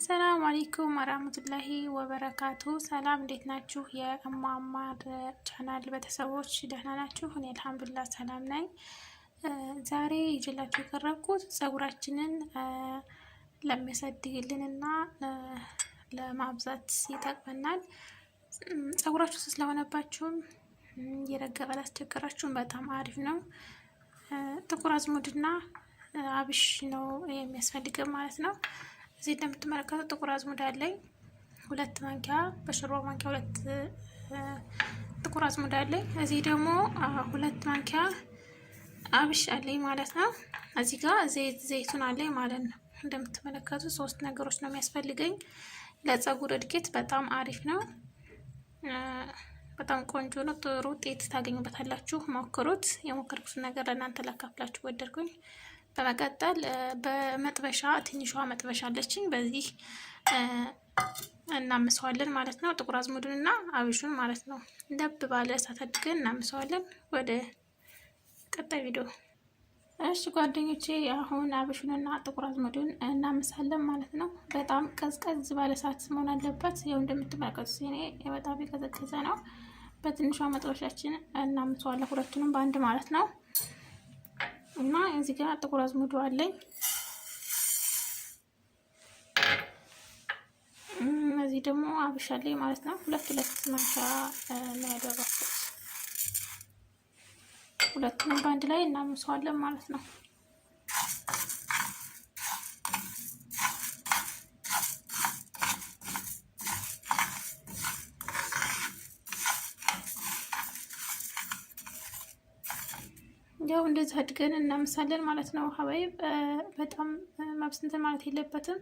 አሰላሙ አሌይኩም ወራህመቱላሂ ወበረካቱ። ሰላም እንዴት ናችሁ? የእማማር ቻናል ቤተሰቦች ደህና ናችሁ? እኔ አልሐምዱሊላህ ሰላም ነኝ። ዛሬ ይዤላችሁ የቀረብኩት ጸጉራችንን ለሚያሳድግልንና ለማብዛት ይጠቅመናል። ጸጉራችሁ ስለሆነባችሁም እየረገበ ላስቸገራችሁም በጣም አሪፍ ነው። ጥቁር አዝሙድና አብሽ ነው የሚያስፈልገው ማለት ነው። እዚህ እንደምትመለከቱት ጥቁር አዝሙድ አለኝ። ሁለት ማንኪያ በሽሮ ማንኪያ ሁለት ጥቁር አዝሙድ አለኝ። እዚህ ደግሞ ሁለት ማንኪያ አብሽ አለኝ ማለት ነው። እዚህ ጋር ዘይት ዘይቱን አለኝ ማለት ነው። እንደምትመለከቱ ሶስት ነገሮች ነው የሚያስፈልገኝ። ለፀጉር እድገት በጣም አሪፍ ነው። በጣም ቆንጆ ነው። ጥሩ ውጤት ታገኙበታላችሁ። ሞክሩት። የሞከርኩትን ነገር ለእናንተ ላካፍላችሁ ወደድኩኝ። በመቀጠል በመጥበሻ ትንሿ መጥበሻ አለችኝ በዚህ እናምሰዋለን ማለት ነው። ጥቁር አዝሙዱን እና አብሹን ማለት ነው። ለብ ባለ እሳት አድርገን እናምሰዋለን። ወደ ቀጣይ ቪዲዮ። እሺ ጓደኞቼ አሁን አብሹንና ጥቁር አዝሙዱን እናምሳለን ማለት ነው። በጣም ቀዝቀዝ ባለ እሳት መሆን አለበት። ያው እንደምትመለከቱት እኔ በጣም የቀዘቀዘ ነው። በትንሿ መጥበሻችን እናምሰዋለን ሁለቱንም በአንድ ማለት ነው። እና እዚህ ጋር ጥቁር አዝሙድ አለኝ። እዚህ ደግሞ አብሽ አለኝ ማለት ነው። ሁለት ሁለት ማንሻ ነው ያደረኩት። ሁለቱንም በአንድ ላይ እናምሰዋለን ማለት ነው። ያው እንደዚህ አድገን እናምሳለን ማለት ነው። ሀባይ በጣም መብስንትን ማለት የለበትም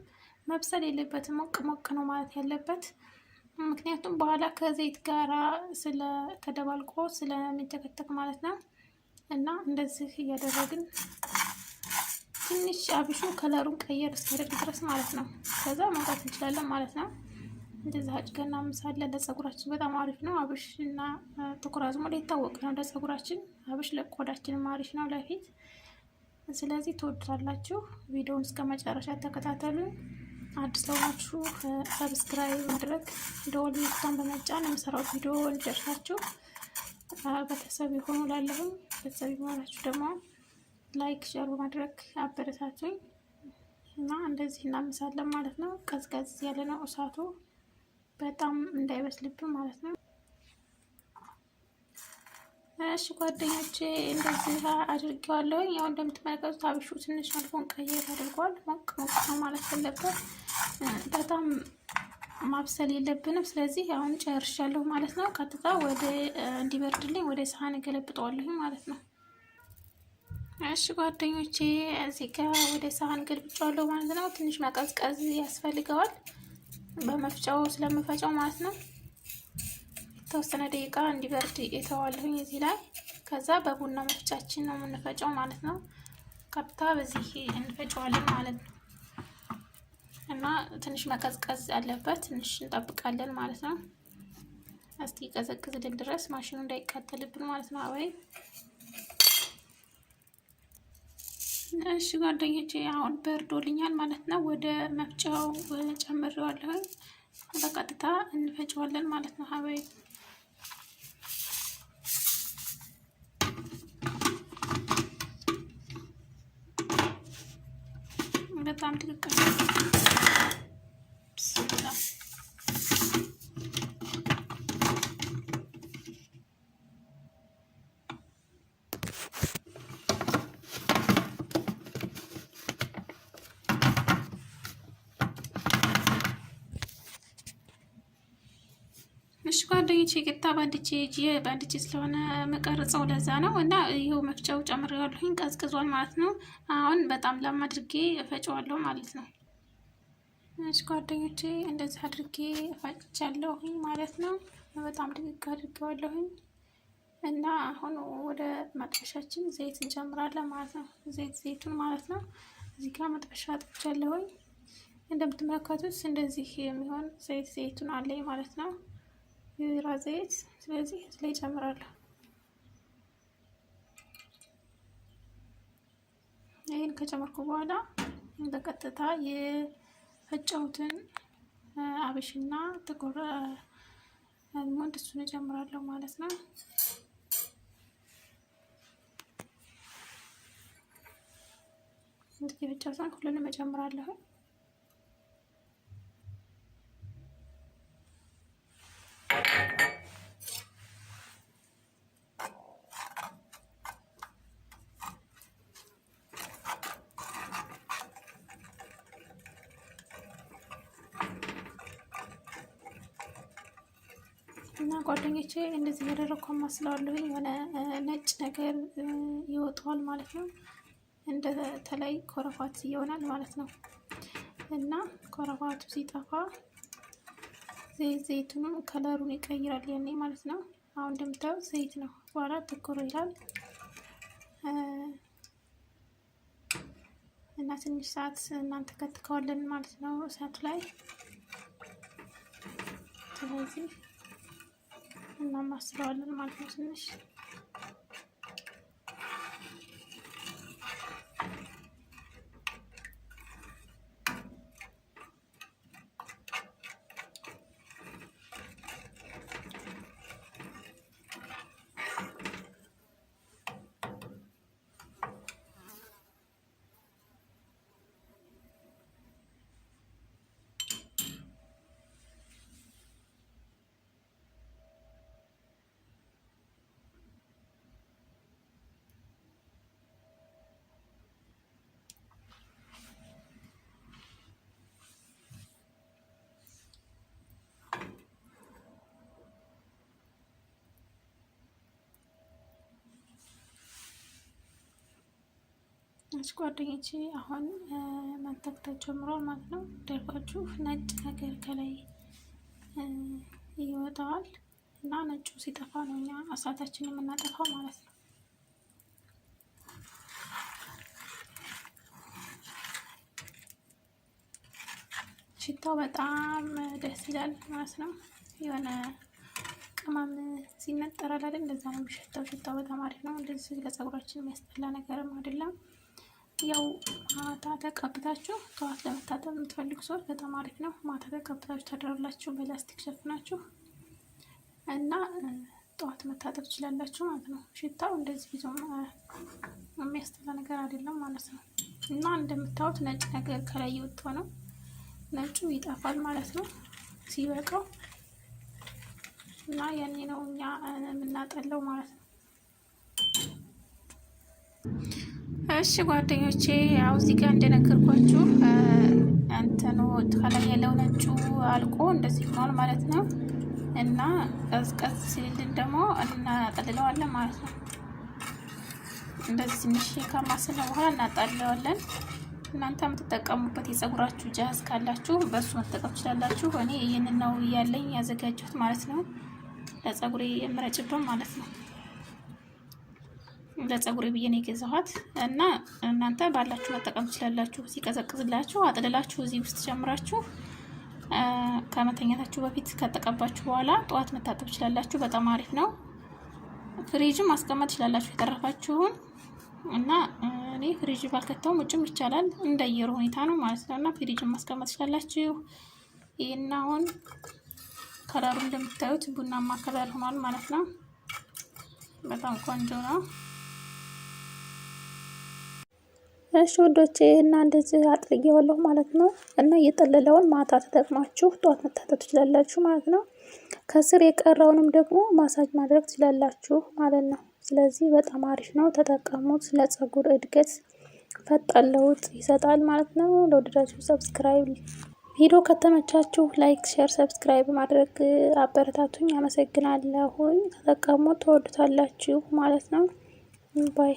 መብሰል የለበትም ሞቅ ሞቅ ነው ማለት ያለበት። ምክንያቱም በኋላ ከዘይት ጋራ ስለተደባልቆ ስለሚንተከተክ ማለት ነው። እና እንደዚህ እያደረግን ትንሽ አብሹ ከለሩን ቀየር እስኪያደርግ ድረስ ማለት ነው። ከዛ መውጣት እንችላለን ማለት ነው። እንደዛ አጭገና ምሳለን ለፀጉራችን በጣም አሪፍ ነው። አብሽ እና ጥቁር አዝሙድ የታወቀ ነው ለፀጉራችን። አብሽ ለቆዳችንም አሪፍ ነው ለፊት። ስለዚህ ትወዱታላችሁ። ቪዲዮውን እስከ መጨረሻ ተከታተሉ። አዲስ ለሆናችሁ ሰብስክራይብ ማድረግ ደወል ምልክቱን በመጫን የምሰራው ቪዲዮ እንዲደርሳችሁ ቤተሰብ የሆኑ ላለሁም ቤተሰብ የሆናችሁ ደግሞ ላይክ ሸር በማድረግ አበረታቱኝ እና እንደዚህ እናምሳለን ማለት ነው። ቀዝቀዝ ያለ ነው እሳቱ በጣም እንዳይበስልብን ማለት ነው። እሺ ጓደኞቼ እንደዚህ አድርጌዋለሁ። ያው እንደምትመለከቱት አብሹ ትንሽ አልፎን ቀየር አድርጓል። ሞቅ ሞቅ ነው ማለት ያለበት በጣም ማብሰል የለብንም። ስለዚህ አሁን ጨርሻለሁ ማለት ነው። ቀጥታ ወደ እንዲበርድልኝ ወደ ሳህን ገለብጠዋለሁ ማለት ነው። እሺ ጓደኞቼ እዚህ ጋር ወደ ሳህን ገልብጫዋለሁ ማለት ነው። ትንሽ መቀዝቀዝ ያስፈልገዋል። በመፍጫው ስለምፈጨው ማለት ነው። የተወሰነ ደቂቃ እንዲበርድ የተዋለሁኝ እዚህ ላይ ከዛ በቡና መፍጫችን ነው የምንፈጨው ማለት ነው። ቀጥታ በዚህ እንፈጨዋለን ማለት ነው እና ትንሽ መቀዝቀዝ ያለበት ትንሽ እንጠብቃለን ማለት ነው። እስቲ ቀዘቅዝልን ድረስ ማሽኑ እንዳይቃጠልብን ማለት ነው አበይ እሺ ጓደኞቼ አሁን በርዶልኛል ማለት ነው። ወደ መፍጫው ጨምሬዋለሁ። በቀጥታ እንፈጨዋለን ማለት ነው። ሀበይ በጣም ትክክል እሺ ጓደኞቼ ቅጣ ባንድቼ እጅ ባንድቼ ስለሆነ መቀርጸው ለዛ ነው። እና ይኸው መፍጫው ጨምሬዋለሁኝ ቀዝቅዟል ማለት ነው። አሁን በጣም ላም አድርጌ እፈጨዋለሁ ማለት ነው። እሺ ጓደኞቼ እንደዚህ አድርጌ እፈጭቻለሁኝ ማለት ነው። በጣም ድግግ አድርጌዋለሁኝ እና አሁን ወደ መጥበሻችን ዘይት እንጨምራለን ማለት ነው። ዘይት ዘይቱን ማለት ነው። እዚህ ጋር መጥበሻ አጥብቻለሁኝ። እንደምትመለከቱት እንደዚህ የሚሆን ዘይት ዘይቱን አለኝ ማለት ነው። የወይራ ዘይት ስለዚህ እዚህ ላይ እጨምራለሁ። ይህን ከጨመርኩ በኋላ በቀጥታ የፈጨሁትን አብሽና ጥቁር አልሞንድ እሱን እጨምራለሁ ማለት ነው። እንግዲህ ብቻ ሳይሆን ሁሉንም እጨምራለሁ። እና ጓደኞቼ እንደዚህ ያደረግኩ ማስለዋለሁ የሆነ ነጭ ነገር ይወጣዋል ማለት ነው። እንደ ተለይ ኮረፋት ይሆናል ማለት ነው። እና ኮረፋቱ ሲጠፋ ዘይት ዘይቱንም ከለሩን ይቀይራል የኔ ማለት ነው። አሁን እንደምታየው ዘይት ነው። በኋላ ትኩር ይላል እና ትንሽ ሰዓት እናንተ ከትከዋለን ማለት ነው እሳቱ ላይ ስለዚህ Bundan bahsediyorum arkadaşlar. እነዚህ ጓደኞቼ አሁን መንተክተክ ጀምሯል ማለት ነው። ደርጓችሁ ነጭ ነገር ከላይ ይወጣዋል እና ነጩ ሲጠፋ ነው እኛ እሳታችን የምናጠፋው ማለት ነው። ሽታው በጣም ደስ ይላል ማለት ነው። የሆነ ቅመም ሲነጠራል አይደል? እንደዛ ነው የሚሸታው። ሽታው በጣም አሪፍ ነው። እንደዚህ ለጸጉራችን የሚያስጠላ ነገርም አይደለም። ያው ማታ ተቀብታችሁ ጠዋት ለመታጠብ የምትፈልጉ ሰዎች በጣም አሪፍ ነው። ማታ ተቀብታችሁ ታደራላችሁ በላስቲክ ሸፍናችሁ እና ጠዋት መታጠብ ትችላላችሁ ማለት ነው። ሽታው እንደዚህ ብዙም የሚያስጠላ ነገር አይደለም ማለት ነው። እና እንደምታዩት ነጭ ነገር ከላይ የወጣ ነው። ነጩ ይጠፋል ማለት ነው ሲበቃው እና ያኔ ነው እኛ የምናጠለው ማለት ነው። እሺ ጓደኞቼ ያው እዚህ ጋር እንደነገርኳችሁ እንትኑ ከላይ ያለው ነጩ አልቆ እንደዚህ ሆኗል ማለት ነው። እና ቀዝቀዝ ሲልልን ደግሞ እናጠልለዋለን ማለት ነው። እንደዚህ ትንሽ ከማስለ በኋላ እናጣልለዋለን። እናንተ የምትጠቀሙበት የጸጉራችሁ ጃዝ ካላችሁ በእሱ መጠቀም ትችላላችሁ። እኔ ይህንን ነው እያለኝ ያዘጋጀሁት ማለት ነው። ለጸጉሬ የምረጭብን ማለት ነው። ለፀጉሬ ብዬ ነው የገዛኋት እና እናንተ ባላችሁ መጠቀም ትችላላችሁ። ሲቀዘቅዝላችሁ አጥልላችሁ እዚህ ውስጥ ጨምራችሁ ከመተኛታችሁ በፊት ከጠቀባችሁ በኋላ ጠዋት መታጠብ ትችላላችሁ። በጣም አሪፍ ነው። ፍሪጅም ማስቀመጥ ትችላላችሁ የተረፋችሁን እና እኔ ፍሪጅ ባልከተውም ውጭም ይቻላል እንደየሩ ሁኔታ ነው ማለት ነው። እና ፍሪጅን ማስቀመጥ ትችላላችሁ። ይህን አሁን ከለሩ እንደምታዩት ቡናማ ከለር ሆኗል ማለት ነው። በጣም ቆንጆ ነው። እሺ ወዶቼ እና እንደዚህ አጥርጌዋለሁ ማለት ነው። እና እየጠለለውን ማታ ተጠቅማችሁ ጠዋት መታጠብ ትችላላችሁ ማለት ነው። ከስር የቀረውንም ደግሞ ማሳጅ ማድረግ ትችላላችሁ ማለት ነው። ስለዚህ በጣም አሪፍ ነው፣ ተጠቀሙት። ለፀጉር እድገት ፈጣን ለውጥ ይሰጣል ማለት ነው። ለወደዳችሁ ሰብስክራይብ፣ ቪዲዮ ከተመቻችሁ ላይክ፣ ሼር፣ ሰብስክራይብ ማድረግ አበረታቱኝ። አመሰግናለሁኝ። ተጠቀሙት፣ ተወዱታላችሁ ማለት ነው። ባይ